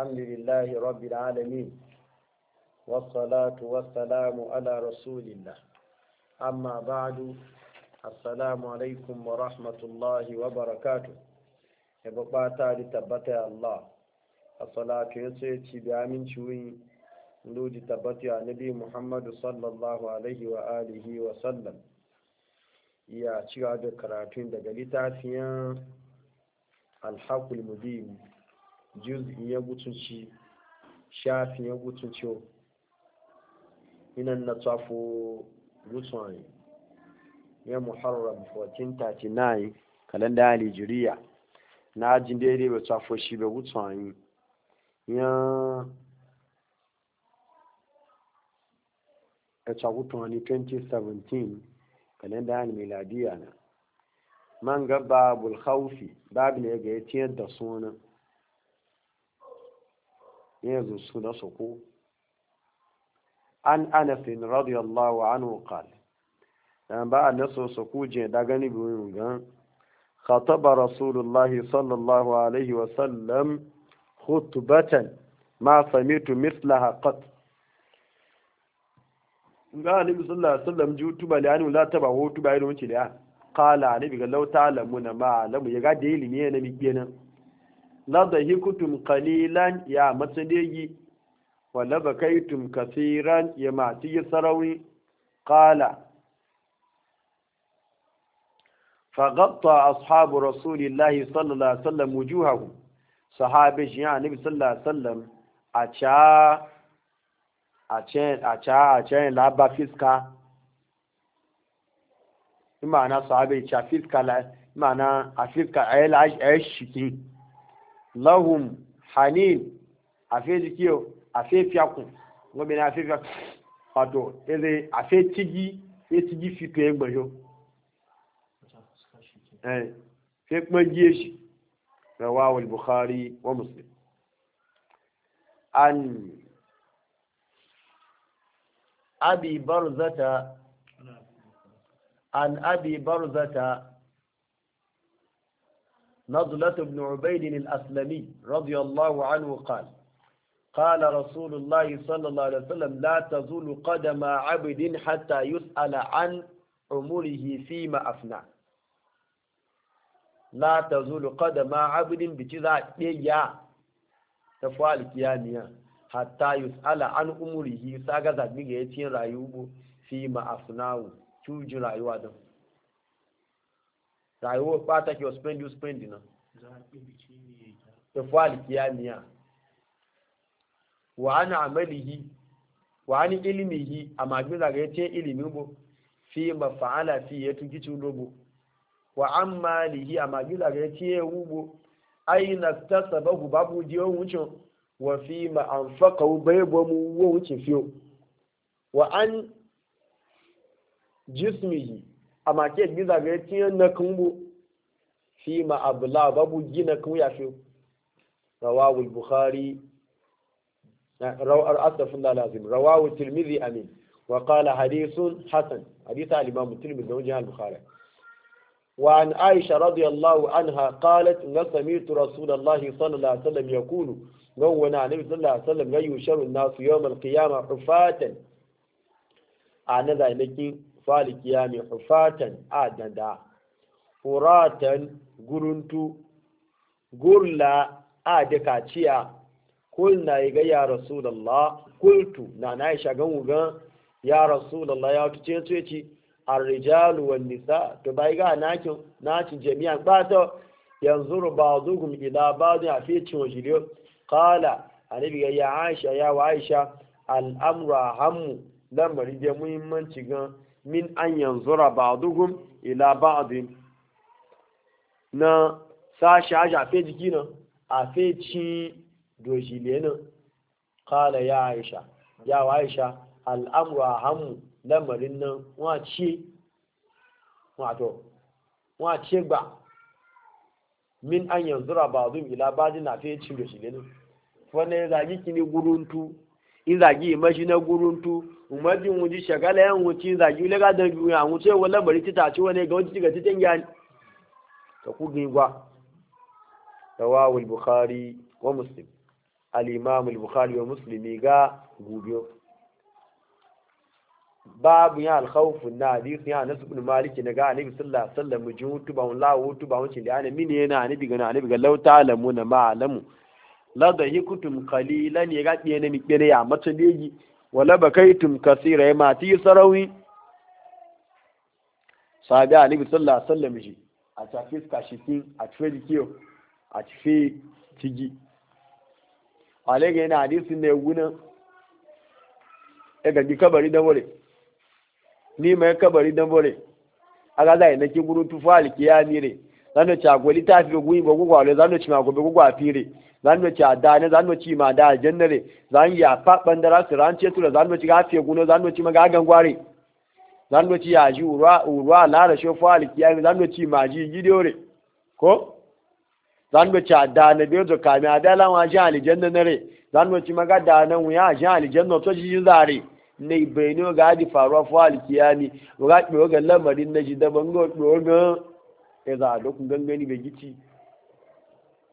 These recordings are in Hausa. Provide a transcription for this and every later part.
الحمد لله رب العالمين والصلاة والسلام على رسول الله أما بعد السلام عليكم ورحمة الله وبركاته يبقى لتبت الله الصلاة يسيتي بأمين شوي لوج تبت نبي محمد صلى الله عليه وآله وسلم يا شيخ هذا كراتين دقلتا فيها الحق المبين juz'i ya gutunci shafi ya gutunci inan na tsafo gutsuwani ya muharram 1439 kalanda alijiriya na ajin daidai bai tsafo shi bai gutsuwani ya ta gutsuwani 2017 kalanda ya miladiya na man gaba bulhaufi babu ne ga ya tiyar da sunan yanzu suna soko an anasin radiyallahu anhu qala dan ba anaso soko je da a biyu gan khataba rasulullahi sallallahu alaihi wa sallam khutbatan ma samitu mithlaha qat ga annabi sallallahu alaihi wasallam ju tuba la anu la taba ho tuba ido muke da qala annabi ga law ta'lamuna ma alamu ya ga da ilimi ne mi kenan lada hikutum kalilan ya matsadegi wa kaitum kasiran ya mati yi sarawi qala fagabta ashabu rasulillahi sallallahu alaihi wasallam wujuhahum sahabi shi ya nabi sallallahu alaihi wasallam a cha a cha a cha a cha la ba fiska cha fiska la ima na a fiska ayla ayish shikin lahum hanin afe jikiyo afe fiyakun ngobe na afe fiyakun wato ele afe tigi e tigi fi pe egbe yo eh fe pe jeshi rawahu al-bukhari wa muslim an abi barzata an abi barzata نضلة بن عبيد الأسلمي رضي الله عنه قال قال رسول الله صلى الله عليه وسلم لا تزول قدم عبد حتى يسأل عن عمره فيما أفنى لا تزول قدم عبد بجزاء يا تفعل كيانيا حتى يسأل عن عمره ساقذت بيجي يتين فيما أفناه توجد جرايوه kàwé pàtàkì ọ̀spẹ́ndì ọ̀spẹ́ndì náà ẹ̀fọ́ àlìkíyàmíyà wà á ní àmẹ́lì yìí wà á ní ilimi yìí àmàgbélára ẹ̀ tí ilimi bó fi mafàálà fi ẹ̀ tún kìtì lóbo wà á máa lè yìí àmàgbélára ẹ̀ tí ẹ̀ wú bó ayé na tẹ́sàbẹ́ kù bá di ohun wà fi ma àǹfọ́kàwó bẹ́ẹ̀ mu wó ohun fi o wà á ní amma ke giza ga tiyan na kumbu fi ma abla babu gina kun ya fi rawahu bukhari rawar asafin da Rawawul rawahu amin wa qala hadithun hasan hadith al-imam tirmidhi wa al bukhari wa an aisha radiyallahu anha qalat na samitu rasulullahi sallallahu alaihi wasallam yaqulu gawwana annabi sallallahu alaihi wasallam ga yusharu an-nasu yawm al-qiyamah hufatan a nazarin sali mai hufatan adada furatan guruntu gurla ade kaciya kulna ga ya rasulullah kultu na na aisha gan wugan ya rasulullah ya wuce ce ci arrijalu wan nisa to bai ga nakin nacin jami'an bata yanzu gum ila ba'd a fi cin wajiliyo qala annabi ya aisha ya wa aisha al'amra hammu lamari da muhimmanci gan min an yanzura ba'duhum ila ba'din na sa aja fe jiki na a fe ci le na kala ya aisha ya aisha al'amru hamu lamarin nan wa ce wato wa ce gba min an yanzura ba'duhum ila ba'din na fe ci le na wannan zagi kini guruntu inzagi imashi na guruntu umadi wuji shagala yan wuci inzagi ule ga dan biya wuce wala bari tita ci wani ga wuci ga titin ya ta ku gwa rawahu al-bukhari wa muslim al-imam al-bukhari wa muslim ga gubiyo babu ya al-khawf na nadir ya nas ibn maliki na ga annabi sallallahu alaihi wasallam mu ji hutu ba wala hutu ba wuci da annabi ne yana bi ga bi ga law ta'lamuna ma'lamu lada da hikutum lani ya gaɗe na mi kire ya mata legi wala bakaitum kasira ya mati sarawi a ali sallallahu alaihi wasallam ji a tafi kashitin a tafi kiyo a tafi tigi alega yana hadisin ne guna ya gaji kabari dan wore ni mai kabari dan wale aga zai nake guru tufa alkiyami ne zanu cha agwali ta fi gwi ba gwa le zanu chi ma gobe gugwa fire zanu cha da ne zanu chi ma da jennere zan ya fa bandara su ran ce tura zanu ci ga fiye guno zanu chi ma ga gangware zanu chi ya ji urwa urwa la fa li alkiya zanu chi ma ji gidiore ko zanu cha da ne be zo kami ada lan wa ji li jennere zanu chi ma ga da nan wuya ji aljanna to ji zare ne bayno ga di faruwa fa alkiyami ga ga lamarin naji da bango dogon ya za a dokun gangani bai gici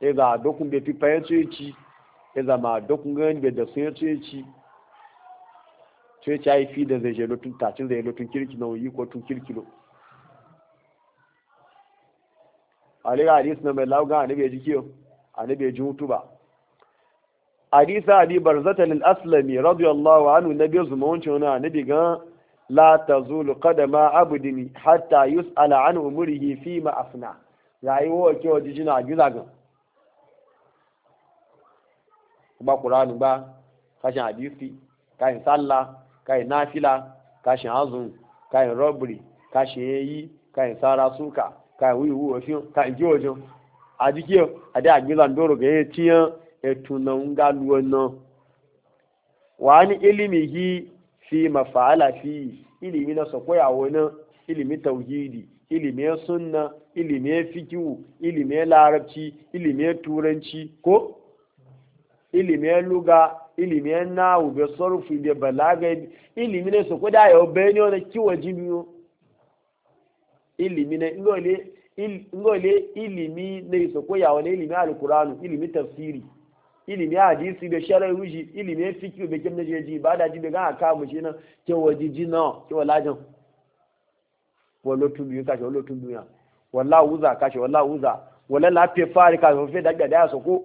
ya za a dokun bai fifa ya tsoye ci ya za ma dokun gangani bai da sun ya tsoye ci tsoye ci a yi fi da zai jelo tun tacin zai jelo tun kirki na wuyi ko tun kirkilo alira hadis na mai lauga a ya ji kiyo anabi ji hutu ba hadisa abi barzata lil aslami radiyallahu anhu nabi zuma wancan wani anabi gan la abu qadama abdin hatta yus'ala an umrihi fi ma afna rayuwa ke waje jina giza ga ba qur'ani ba kashin hadisi kayin sallah kayin nafila kashin azun kayin robbery kashin yayi kayin sara suka kayin wuyu ofin kayin jiwojo adikiyo ade agbila ndoro ga yetiyan etunan galuwo na wa ni fi mafa'ala fi ilimi na sakwaya wani ilimi tauhidi ilimi sunna ilimi fikihu ilimi larabci ilimi turanci ko ilimi luga ilimi nawu be sarfu be balaga ilimi ne sakwada ya obeni wani kiwa jimiyo ilimi ne ngole ilimi ne sakwaya wani ilimi alkuranu ilimi tafsiri ilimi a hadisi be sharai wuji ilimi e fikiyo be kemne jeji ba da ji be ga aka mu shi na ke ji na ke walajin wallo tun biyu kashi wallo tun duniya walla wuza kashi walla wuza walla lafiya fari kashi fe da da so soko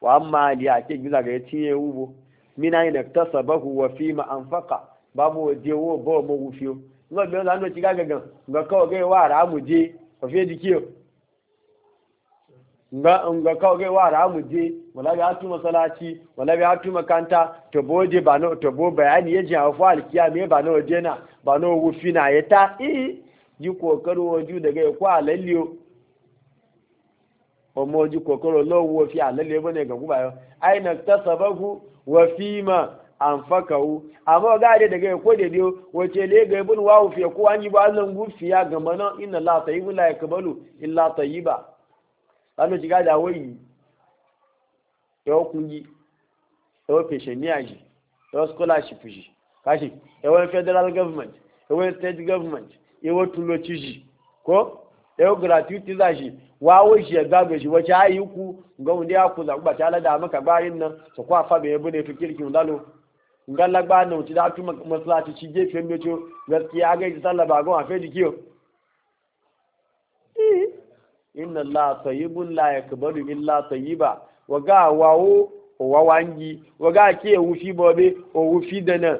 wa amma li ke giza ga ya tiye ubo mina yi ta sabahu wa fi ma an faka ba mu je wo bo mu wufiyo ngo be la no ti ga ga ga ko ge wa ra mu je ko fe nga nga ka ga wa ra mu je wala ga tu masalaci wala ga tu makanta to boje ba no to bo bayani ya ji hafu alkiya me ba no je na ba no wufi na ya ta i ji kokaro waju daga ko alalliyo o mo ji kokaro lo wo fi alalliyo bane ga ku gubayo ai na tasabahu wa fima anfakahu amma ga da daga ko da dio wace le ga ibn wa fi ko anji yi ba Allah gufiya ga mana inna la tayyibu la yakbalu illa tayyiba lánàá ti gáàdà owó yìí ẹwọ́ kun yìí ẹwọ́ pèsèníà yìí ẹwọ́ scholarship yìí káṣí ẹwọ́ federal government ẹwọ́ state government ẹwọ́ tulochi yìí kó ẹwọ́ gratuity yìí wá owó yìí ẹgbẹ́ àgbẹ̀ yìí wọ́n ti ayé ikú nǹkan òun ní àkóso àgbà tí aládàá mọ́kà bá rí nà sọ̀kọ́ àfàbẹ̀yẹ bó ne fi kíríkì ńlá lọ náà ti dá tún mọ́sálásí fẹ́mi tó gaskiya ga yi sallah a inna Allah tayyibun la yakbalu illa tayyiba wa ga wawo wa ga ke wufi bobe o wufi dana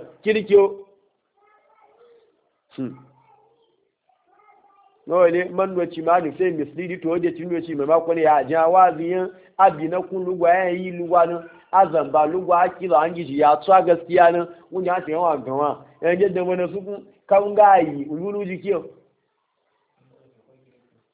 no hmm. man no ci ma ni sai mislidi to je ci no ci ma ko ne ya ja wazi yan na kun lugwa yi lugwa azan ba lugwa akila an giji ya tsa gaskiya wa gawa yan je da mana su kan ga yi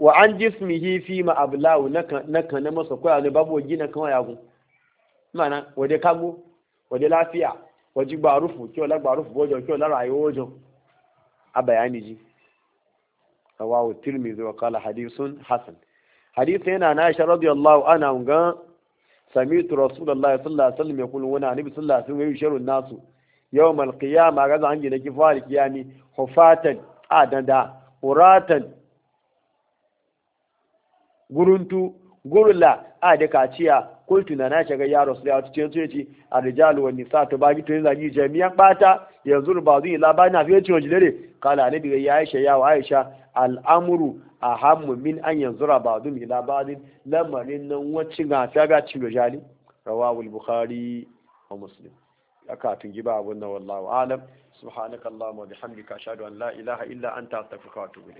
wa an jismihi fi ma ablahu na kanan masa koya ne babu waje na kan yagun mana waje kago waje lafiya waje gbarufu kyau la gbarufu bojo kyau la rayuwa wajen a bayani ji rawahu tirmidhi wa qala hadithun hasan hadith yana na aisha radiyallahu anha ga sami'tu rasulullahi sallallahu alaihi wasallam yaqulu wa nabi sallallahu alaihi wasallam yushiru nasu yawm alqiyamah gaza an gina kifari kiyami hufatan adada uratan guruntu gurula a da kaciya kultu na nace ga yaro su a cikin su a rijalu wani nisa to bagi to yanzu jami'an bata yanzu ba zai la ba na fiye ciwon jidare kala ne daga ya Aisha yawo Aisha al'amuru hamu min an yanzura ba zai labarin lamarin nan wacce ga ta ga ciwo jali rawawul bukhari wa muslim aka tungi ba abun nan wallahu alam subhanakallahumma wa bihamdika ashhadu an la ilaha illa anta astaghfiruka wa atubu ilayk